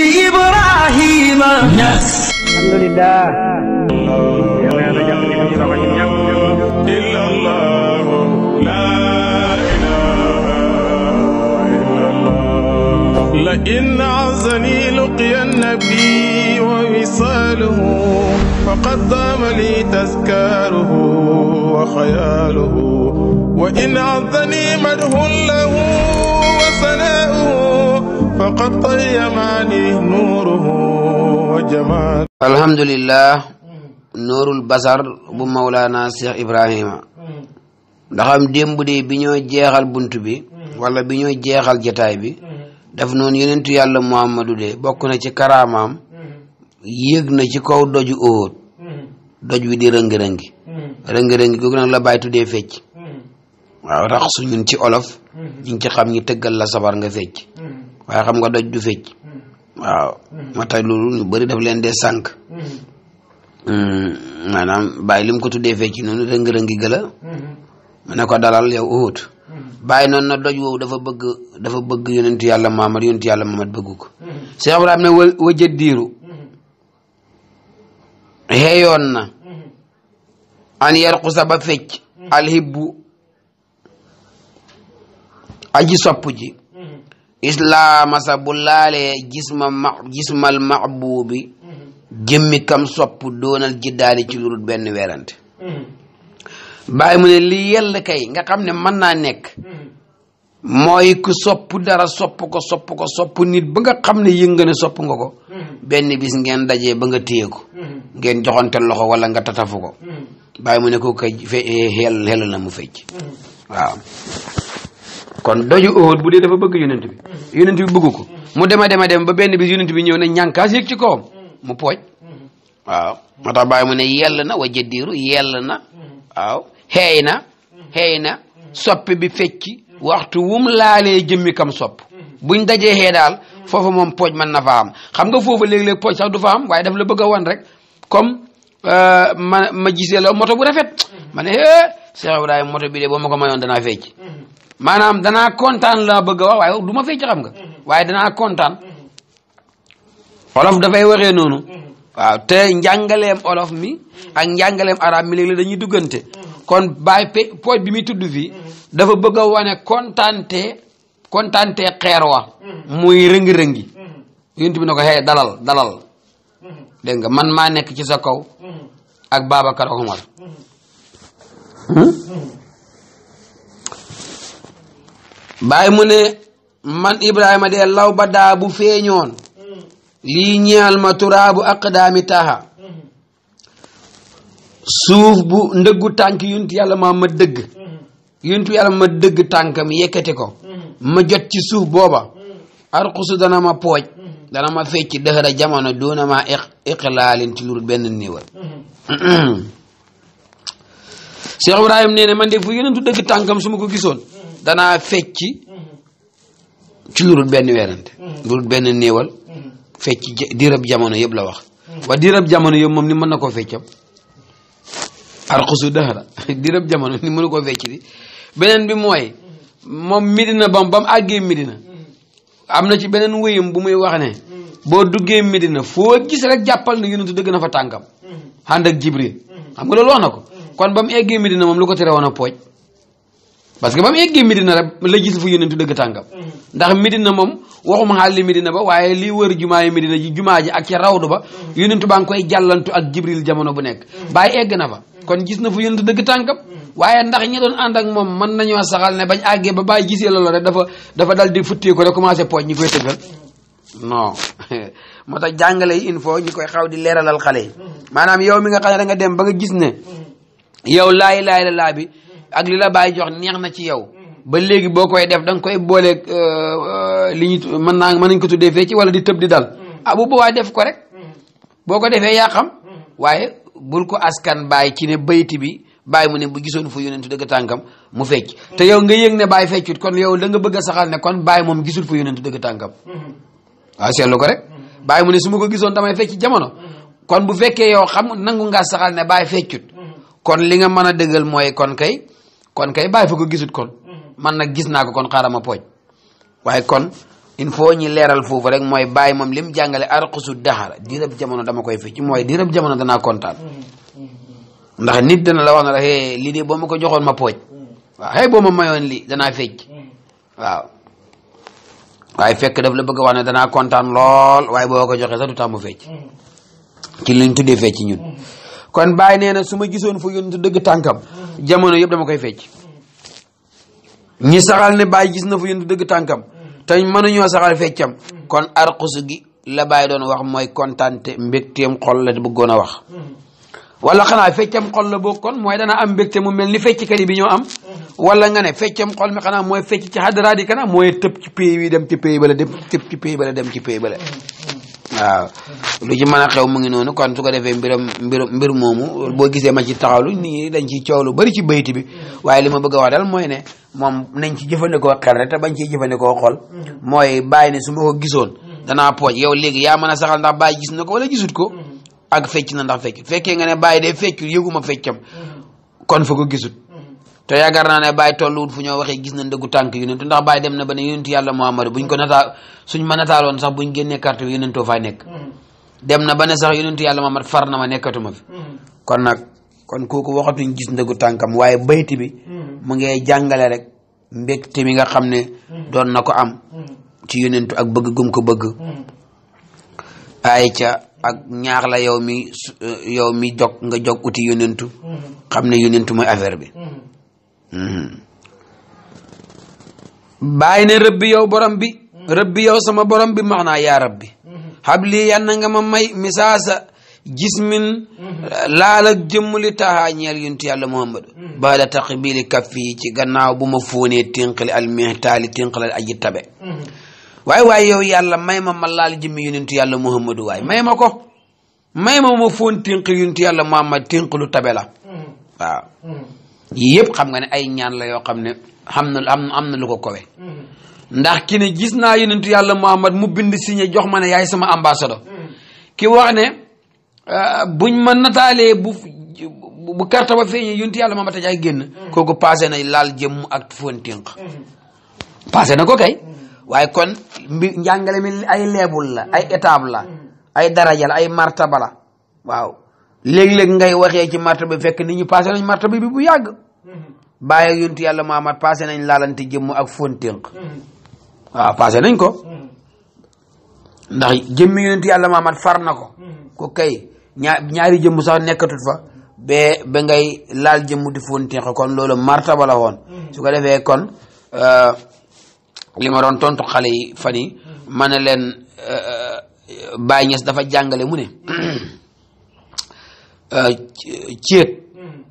بإبراهيم يس الحمد لله إلا الله لا إله إلا الله لئن عزني لقي النبي ووصاله فقد ضام لي تذكاره وخياله وإن عذني مدح له فقد طيماني نوره وجمال الحمد لله نور البصر bu مولانا شيخ إبراهيم ndaxam démb de bi ñoo jeexal bunt bi wala bi ñoo jeexal jataay bi daf noonu yenentu yàlla Muhammadu de bokk na ci karaamaam yéeg na ci kaw doju doj wi di rëngi-rëngi rëngi-rëngi nag la bàyyi tuddee fecc waaw rax ñun ci olof ñu ci xam ñi tëggal la sabar nga fecc waaye xam nga doj du fecc hmm. waaw hmm. moo tax loolu ñu bëri daf leen dee sànq hmm. maanaam bàyyi lim ko tuddee fecc noonu rëng-rëngi a mu ne ko dalal yow uut bàyyi noonu na doj woowu dafa bëgg dafa bëgg yonentu yàlla Muhammad yonentu yàlla Muhammad bëgg ko Cheikh Ibrahima ne na an yarqusa ba fecc alhibbu aji sopp islaamasa bu laalee jisma ma jismal maxbuubi jëmmi kam sopp doonal jiddaali ci lurut benn werante mm-hmm. bàyyi mu ne li yell kay nga xam ne mën naa nekk mm-hmm. mooy ku sopp dara sopp ko sopp ko nit ba nga xam ne yënga ne sopp nga ko mm-hmm. benn bis ngeen dajee ba nga téye ko ngeen joxante loxo wala nga tatafu ko bàyyi mu ne ko kay fe xel eh, na mu fecc waaw kon doju Uhud bu dee dafa bëgg yonent bi yonent bi bëgg ko mu dema dema dem ba benn bis yonent bi ñëw ne ñànkaas yëg ci kawam mu pooj waaw moo tax bàyyi mu ne yell na wa jadiiru yell na waaw xeey na xeey na soppi bi fecc waxtu wum laalee jëmmi kam sopp buñ dajee xee daal foofu moom pooj mën na fa xam nga foofu léeg-léeg pooj sax du fa am waaye daf la bëgg a wan rek comme euh, ma ma gisee la moto bu rafet ma ne eh, Cheikh Ibrahima moto bi de boo ma ko mayoon danaa fecc maanaam dana kontaan la bëgg wax waaye du ma fecc xam nga mm-hmm. waaye danaa kontaan mm-hmm. olof dafay waxee noonu mm-hmm. waaw te njàngaleem olof mi ak njàngaleem arab mi léeg-léeg dañuy duggante kon baay pooj bi muy tudd fii dafa bëgg a wane kontaante kontaante xeer wa muy rëngi-rëngi yént bi na ko xëy dalal dalal dégg nga man maa nekk ci sa kaw ak Babacar Omar hmm? bàyyi mu ne man Ibrahima de law ba daa bu feeñoon lii ñaal ma turaabu aqdaami taha suuf bu ndëggu tànk yunt yàlla ma ma dëgg yuntu yàlla ma dëgg tànkam yekkati ko ma jot ci suuf booba arxusu dana ma pooj dana ma fecc dëxëra jamono doona ma iqlaalin ci lur benn niiwal Cheikh Ibrahima nee ne man de fu yonentu dëgg tànkam su ma ko gisoon danaa fecci ci lu dul benn weerante mm-hmm. lu dul benn néewal mm-hmm. fecc diirab jamono yëpp la wax mm-hmm. wa diirab jamono yëpp moom ni mën na koo feccam arxusu dahra diirab jamono ni mënu koo fecc di beneen bi mooy moom na bam ba mu àggee midina na ci beneen wéyam bu muy wax ne boo duggee midina foo gis rek jàppal ne yonentu dëgg na fa tànkam ànd ak xam nga loolu wax na ko kon ba mu eggee midina moom lu ko tere woon a pooj parce que ba mu eggee Medina rek la gis fu yonentu dëgg tànkam mm. ndax Medina moom waxuma xaalli Medina ba waaye li wër jumaa yi Medina ji jumaa ji ak ca rawdu ba mm. yonentu ak Jibril jamono bu nekk mm. bàyyi egg na fa kon gis na fu dëgg tànkam waaye ndax ñi ànd ak moom mën nañoo saxal ne bañ àggee ba bàyyi gisee loolu rek dafa dafa dal di futtee ko commencé pooj ñi koy tëggal moo tax jàngale yi info ñi koy xaw di leeralal xale yi maanaam yow mi nga xam nga dem ba nga gis ne yow laay laay la laa bi ak li la bàyyi jox neex na ci yow ba léegi boo koy def da nga koy booleeg euh, euh, li ñu mën naa mën nañ ko tuddee fee ci di tëb di dal ah bu boobaa def ko rek boo ko defee yaa xam waaye bul ko askan bàyyi ci ne bayti bi bàyyi mu ne bu gisoon fu yonentu dëgg tànkam mu fecc ne bàyyi feccut kon yow la nga bëgg ne kon bàyyi moom gisul fu yonentu dëgg tànkam waaw seetlu ko rek bàyyi mu ne su ko gisoon damay fecc jamono kon yow xam nangu ngaa saxal ne bàyyi feccut kon li nga mën a dëggal mooy kon kay kon kay bàyyi fa ko gisut kon mm-hmm. man nag gis naa ko kon xaaral ma pooj waaye kon il faut ñi leeral foofu rek mooy bàyyi moom lim jàngale arqusu daxara diirab jamono dama koy fecc mooy diirab jamono danaa kontaan mm-hmm. ndax nit dana la wax na la lii de boo ma ko joxoon ma pooj mm-hmm. waaw hey boo ma mayoon lii danaa fecc waaye fekk daf la bëgg a wax ne danaa kontaan lool waaye boo ko joxee sax du tax mu fecc ci liñ tuddee fecc ñun kon bàyyi nee na gisoon fu yónni jamono yëpp dama koy fecc ñi saxal ne baay gis na fu yëndu dëgg tànkam te mënuñoo saxal feccam kon arxus gi la bàyyi doon wax mooy kontaante mbégteem xol la bëggoon a wax wala xanaa feccam xol la boo kon mooy dana am mbégte mu mel ni fecckat yi bi ñoo am wala nga ne feccam xol mi xanaa mooy fecc ci xadaraat yi kana mooy tëb ci pays dem ci pays bala dem tëb ci pays bala dem ci pays bala waaw lu ci mën a xew mu ngi noonu kon su ko defee mbiram mbir mbir moomu boo gisee ma ci taxawlu nit ñi dañ ciy coow lu bari ci bayti bi waaye li ma bëgg a wax daal mooy ne moom nañ ci jëfandikoo xel rek te bañ ciy jëfandikoo xol mooy bàyyi ne su ma ko gisoon danaa pooj yow léegi yaa man a saxal ndax bàyyi gis na ko wala gisut ko ak fecc na ndax fecc fekkee nga ne bàyyi de feccul yëguma feccam kon fa ko gisut te yaakaar naa ne bàyyi tolluwut fu ñoo waxee gis na ndëggu tànk yonentu ndax bàyyi dem na ba ne yonentu yàlla Muhammad buñ ko nataal suñ ma nataaloon sax buñ génnee carte bi yonentoo fa nekk mm-hmm. dem na ba ne sax yonentu yàlla Muhammad far na ma nekkatuma fi mm-hmm. kon nag kon kooku waxatuñ gis ndëggu tànkam waaye bayti bi mm-hmm. mu ngay jàngale rek mbégte mi nga xam ne doon na ko am ci yonentu ak bëgg gum ko bëgg ay ca ak ñaax la yow mi mi jog nga jog uti yonentu xam ne Hmm. bàyyi ne rëbbi yow borom bi rëbbi yow sama borom bi maanaa yaa rabbi xabli yanna nga ma may misaasa jismin laal ak jëmm li taxaa ñeel yuntu yàlla muhammad baada taqbili kaffi ci gannaaw bu ma fóonee tinqali al mihtaali tinqalal aji tabe waaye waaye yow yàlla may ma ma laal jëmmi yonentu yàlla muhammadu waaye may ma ko may ma ma fóon tinqali yuntu yàlla muhammad tinqalu tabe la yii yëpp xam nga ne ay ñaan la yoo xam ne xam na am na lu ko kowe mm-hmm. ndax ki ne gis naa yonentu yàlla Muhammad mu bind signé jox ma ne yaay sama ambassadeur mm-hmm. ki wax ne ah, buñ ma nataalee bu bu carte ba feeñee yonentu yàlla Muhammad a jaay génn mm-hmm. kooku passé na laal jëmm ak fontinq passé na ko kay waaye kon mbi mi ay leebul la ay étape la ay daraja la ay martaba la waaw léegi léeg ngay waxee ci martaba bi fekk ni ñu passé nañ martaba bi bu yàgg mhm. bàyyi ak yontu ma mat passé nañ laalan laalante jëmm ak fonténk mhm. waaw passé nañ ko mhm. ndax jëmmi yontu yàlla maamat far na ko ko kay ñaari jëmmu sax nekkatut fa ba ba ngay laal jëmm di fonténk kon loolu martaba la woon su ko defee kon euh, li ma doon tontu xale yi fan yi ma leen euh, euh, Baay Ñas dafa jàngale mu ne Euh, céet hmm.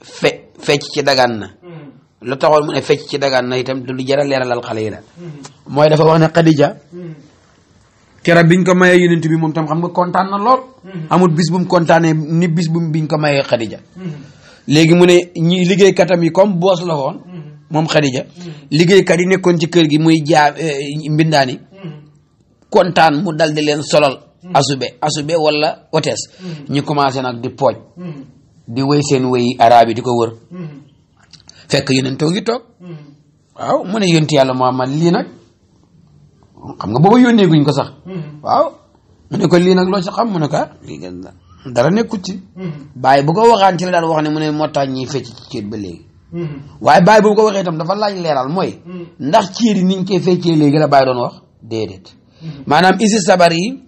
fe fecc ci dagan na hmm. lu taxoon mu ne fecc ci dagan na itam lu jar xale yi la hmm. mooy dafa wax ne Xadija keroog biñ ko mayee yonent bi moom tam xam nga kontaan na lool amul bis bu mu kontaanee ni bis bu biñ ko mayee Xadija léegi mu ne liggéey liggéeykatam yi comme boos la woon moom Xadija liggéeykat yi nekkoon ci kër gi muy jaa eh, mbindaani kontaan mu dal di leen solal Mm-hmm. asube asube wala otes mm-hmm. ñu commencé nag di pooj mm-hmm. di wéy seen wéy araab yi di ko wër fekk yeneen too ngi toog waaw mu ne yonti yàlla Muhammad lii nag xam nga booba yónnee guñ ko sax waaw mu ne ko lii nag loo ci xam mu ne ko ah, lii gën la dara nekkut ci bàyyi bu ko waxaan ci la daan wax ne mu ne moo tax ñuy fecc ci ceet ba léegi waaye bàyyi boobu ko waxee itam dafa laaj leeral mooy ndax ceet niñ koy feccee léegi la bàyyi doon wax déedéet maanaam isi sabar yi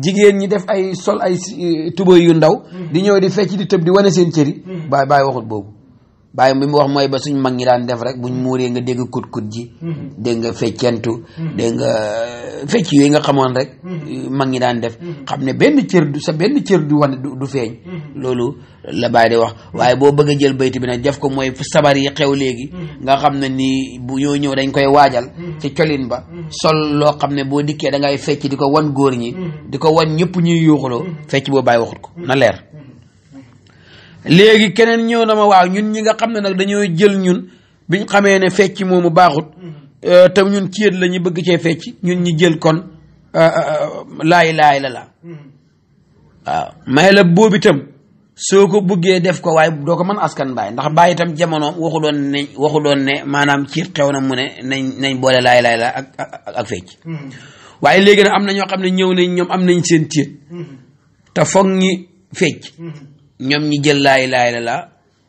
jigéen ñi def ay sol ay eh, tubéy yu ndaw mm-hmm. di ñëw di fecc di tëb di wane seen cëri mm-hmm. baay baay waxut boobu baay bi mu wax mooy ba suñ mag ñi daan def rek ñu mm-hmm. muuree nga dégg kut kut ji mm-hmm. dégg nga feccentu mm-hmm. dégg nga euh, fecc yooyu nga xamoon rek mag ñi daan def xam ne benn cër du sa benn cër du wane du feeñ loolu la bàyyi di wax waaye boo bëgg a jël bayti bi nag def ko mooy sabar yi xew léegi nga xam ne nii bu ñoo ñëw dañ koy waajal ci colin ba sol loo xam ne boo dikkee da ngay fecc di ko wan góor ñi di ko wan ñëpp ñuy yuuxuloo fecc boo bàyyi waxut ko na leer léegi keneen ñëw na ma waaw ñun ñi nga xam ne nag dañoo jël ñun biñ xamee ne fecc moomu baaxut euh, te ñun céet la ñu bëgg cee fecc ñun ñi jël kon laay laay la la waaw may la boobitam soo ko buggee def ko waaye doo ko mën askan bàyyi ndax bàyyi itam jamono waxu doon ne waxu ne maanaam ciit xew na mu ne nañ nañ boole laay laay la ak ak fecc waaye léegi nag am na ñoo xam ne ñëw nañ ñoom am nañ seen céet te foog fecc ñoom ñi jël laay laay la la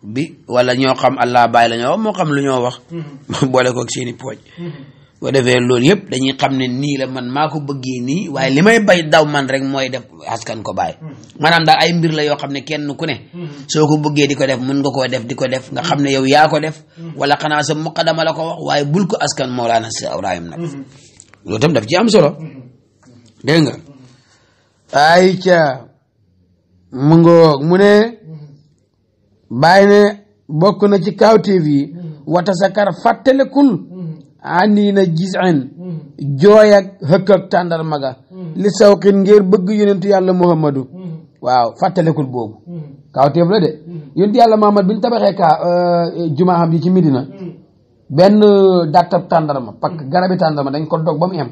bi wala ñoo xam allah bàyyi la ñoo wax moo xam lu ñoo wax. Mm-hmm. boole koog seen i pooj. Mm-hmm. boo defee loolu yëpp dañuy xam ne nii la man maa ko bëggee nii waaye li may bay daw man rek mooy def askan ko bàyyi. Mm-hmm. maanaam daal ay mbir la yoo xam ne kenn ku ne. soo ko bëggee di ko def mun nga ko def di ko def nga xam ne yow yaa ko def. wala xanaa sa muqadama la ko wax waaye bul ko askan Mawlana Seex Ibrahim nag. loolu tam daf ci am solo. dégg nga. ay ca mu ngoog mu ne bàyyi ne bokk na ci kawteef yi wata sakar fàttalekul andi na gis en jooy ak xëkk ak tàndarma ga li sawqin ngir bëgg yonentu yàlla muhammadu waaw fàttalekul boobu kawteef la de yonentu yàlla muhammad bi ñu tabaxee ka euh, jumaa xam ji ci Medina benn euh, dattab tàndarma pakk garabi tàndarma dañ ko dog ba mu em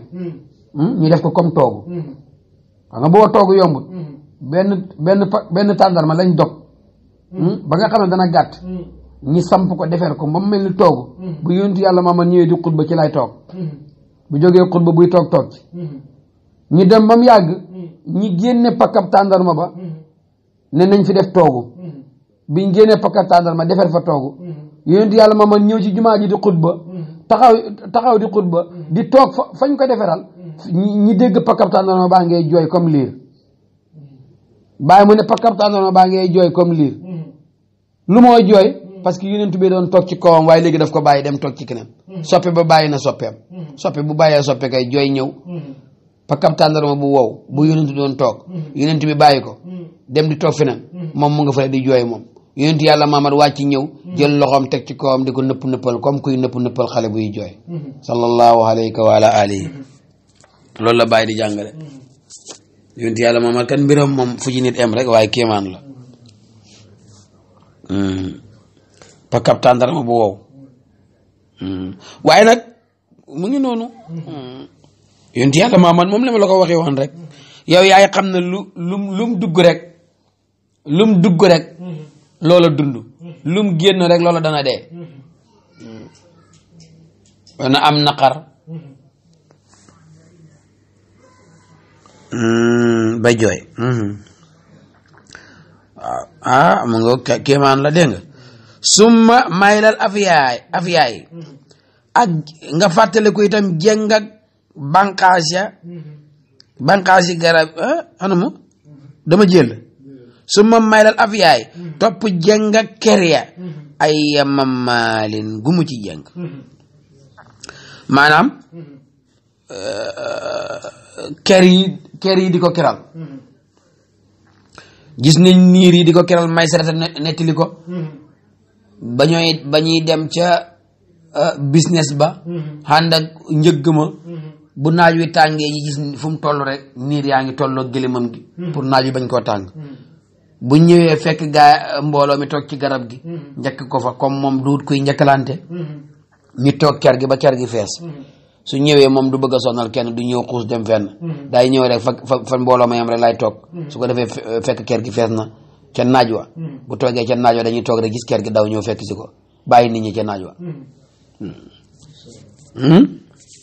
hmm, ñu def ko comme toogu xam nga boo toogu yombut benn benn benn tàndarma lañ dog hmm. Hmm? ba nga xam ne dana gàtt hmm. ñi samp ko defar ko moom mel ni toog bu yontu yàlla maama ñëwee di xutba ci lay toog bu jógee xutba buy toog toog dem ba mu yàgg ñi génne pakkab ba ne nañ fi def toogu biñ génnee pakkab tàndarma defar fa toogu yontu yàlla maama ñëw ci jumaa ji di xutba taxaw taxaw di xutba di toog fa fañ ko defaral ñi dégg pakkab tàndarma baa ngay jooy comme liir bàyyi mu ne pakabtaanoona baa ngay jooy comme liir mm-hmm. lu mooy jooy mm-hmm. parce que yonent bi doon toog ci kawam waaye léegi daf ko bàyyi dem toog ci keneen mm-hmm. soppe ba bàyyi na soppeem soppe bu bàyyee soppe ay jooy ñëw pakab tàndarma bu wow bu yonent doon toog yonent bi bàyyi ko dem di toog feneen moom mu nga fa di jooy moom yonent yàlla Maamad wàcc ñëw jël loxoom teg ci kawam di ko nëpp nëppal comme kuy nëpp nëppal xale buy jooy sallallahu alayka wa ala alihi loolu la bàyyi di jàngale yonti yàlla moom kan mbiram moom fu ci em rek waaye kéemaan la hmm. pakab tàndarma bu wow hmm. waaye nag mu ngi noonu hmm. yonti yàlla maaman moom la la ko waxee woon rek yow yaay xam ne lu lum dugg rek lum dugg rek loola dund lum génn rek loola dana dee na am naqar Hmm, bay jooy hmm. ah, ah mu nga kéemaan la dégg nga summa maylal afiyaay afiyaay nga fàttaliku itam jëng ak bànqaas ya bànqaas yi garab ah, dama jël summa maylal afiyaay topp jëng ak ay mamaalin gu ci jëng maanaam eh, ker ker yi di ko keral mm-hmm. gis nañ niir yi di ko keral may sarata nettali ko mm-hmm. ba ñooy ba ñuy dem ca uh, business ba mm-hmm. ànd ak njëgg ma bu naaj wi tàngee yi gis fu mu toll rek niir yaa ngi tolloo gëlëmam gi pour naaj wi bañ koo tàng bu ñëwee fekk gaa mbooloo mi toog ci garab gi njëkk ko fa comme moom duut kuy njëkkalante ñu toog ker gi ba ker gi fees su ñëwee moom du bëgg a kenn du ñëw xuus dem fenn hmm. daay ñëw rek fa fa ma yam rek laay toog hmm. su ko defee fekk kër gi fees na ca naaj wa hmm. bu toogee ca naaj wa dañuy toog rek gis kër gi daw ñëw fekk si ko bàyyi nit ñi ca naaj wa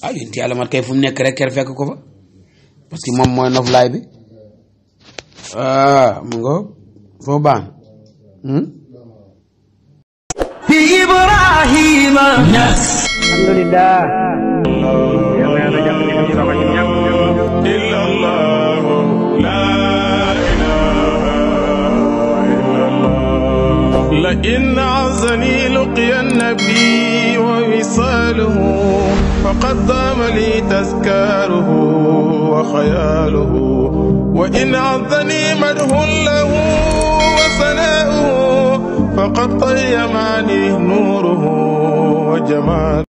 ah yéen yàlla mat kay fu mu nekk rek kër fekk ko fa parce que moom mooy noflaay bi ah mu nga foo baan bi لئن عزني لقيا النبي ووصاله فقد دام لي تذكاره وخياله وإن عزني مدح له وثناؤه فقد طيمني نوره وجماله